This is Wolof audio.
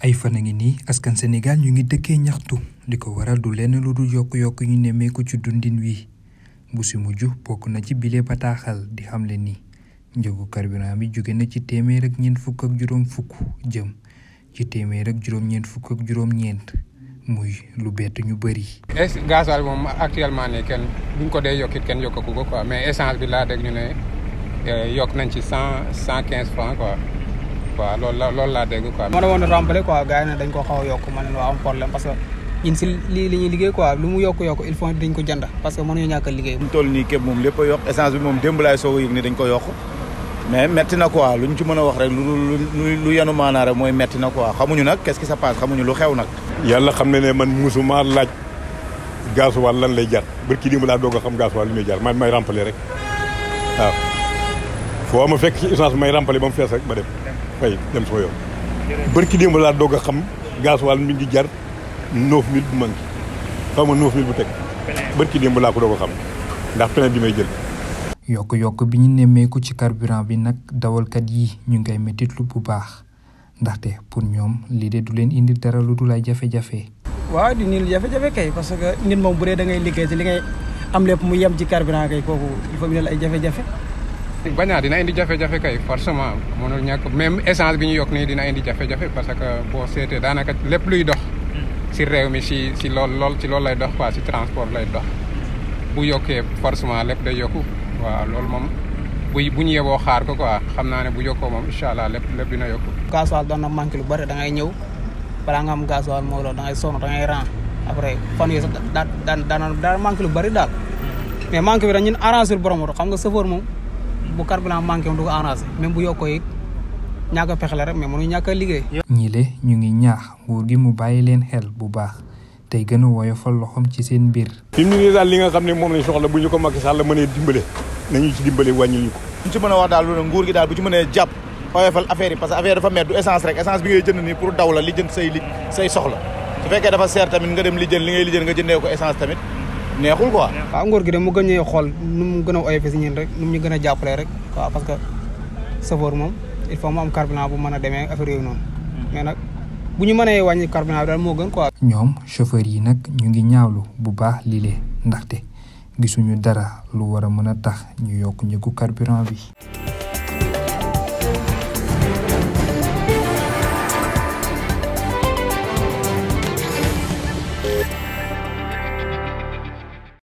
ay fan a ngi nii askan senegal ñu ngi dekké ñaxtu diko waral du lenn lu dul yok yok ñu ko ci dundin wi bu si muju bokk na ci bilé bataxal di xamle ni njëgu carburant bi jóge na ci téeméer ak ñeent fukk ak juroom fukk jëm ci téeméer ak juroom ñeent fukk ak juroom ñeent muy lu bét ñu bëri. es gasal mom actuellement né ken buñ ko dé yokit ken yokkaku ko quoi mais essence bi la dégg ñu né eh, yok nañ ci 100 115 francs quoi. quoi loolu la loolu laa dégg quoi. ma ne woon rembale quoi gars yi ne dañ ko xaw a yokk ma ne waaw am problème parce que ñun si li li ñuy liggéey quoi lu mu yokk yokk il faut dañ ko jënd parce que mënuñu ñàkk a liggéey. mu toll nii képp moom lépp a yokk essence bi moom démb a yëg ni dañ ko yokk mais metti na quoi luñ ci mën a wax rek lu lu yanu rek mooy metti na quoi xamuñu nag qu'est-ce qui se xamuñu lu xew nag. yàlla xam ne ne man musuma laaj gasoil lan lay jar barki démb laa doog xam gasoil li muy jar may may rempalé rek waaw foo ma fekk ci essence may rempalé ba mu fees fay dem sama yoon. bërki démb laa doog a xam gasoil mi ngi jar 9000 bu manqué xaw ma 9000 bu teg bërki démb laa ko doog xam ndax plein bi may jël. yokk-yokk bi ñu nemmeeku ci carburant bi nag dawalkat yi ñu ngay métitlu bu baax ndaxte pour ñoom lii de du leen indi dara lu dul ay jafe-jafe. waaw di niil jafe-jafe kay parce que nit moom bu dee da ngay liggéey ci li ngay am lépp mu yem ci carburant kay kooku il faut ñu ay jafe-jafe. bañaa dina indi jafe-jafe kay forcément mënul ñàkk même essence bi ñu yokk nii dina indi jafe-jafe parce que boo seetee daanaka lépp luy dox si réew mi si si lool lool si loolu lay dox quoi si transport lay dox bu yokkee forcément lépp day yokku waaw loolu moom bu bu ñu yeboo xaar ko quoi xam naa ne bu yokkoo moom incha allah lépp lépp dina yokku gasoil doon na manqué lu bëri da ngay ñëw balaa nga am gasoil moo loolu da ngay sonn da ngay ran après fan yii daa daa daa lu bëri daal hmm. mais manqué bi dañ ñun arrangé borom oto xam nga chauffeur moom bu carburant manqué du ko arrangé même bu yokkoo it ñàkk a rek mais mënu ñaka a ñi ñile ñu ngi ñaax nguur gi mu bayi len xel bu baax tay gëna a woyofal loxom ci seen bir fi mu ne daal li nga xam mom lañ soxla bu ñu ko Macky Sall mënee dimbalé nañu ci dimbalé wañu ñuko ko. ñu ci mëna a wax daal loolu nguur gi dal bu ci mënee jàpp woyofal affaire yi parce que affaire dafa mer essence rek essence bi ngay jënd ni pour dawla li jënd say li say soxla su fekkee dafa seer tamit nga dem li jënd li ngay li jënd nga jëndee ko essence tamit neexul quoi. waaw nguur gi de mu gëñee xool nu mu gën a oyofee si ñun rek nu mu ñu gën a jàppale rek waaw parce que moom il faut mu am carburant bu mën a demee affaire yooyu noonu. Hmm. mais nag bu ñu mënee wàññi carburant bi daal moo gën quoi. ñoom chauffeur yi nag ñu ngi ñaawlu bu baax lile ndaxte gisuñu dara lu war a mën a tax ñu yokk njëgu carburant bi.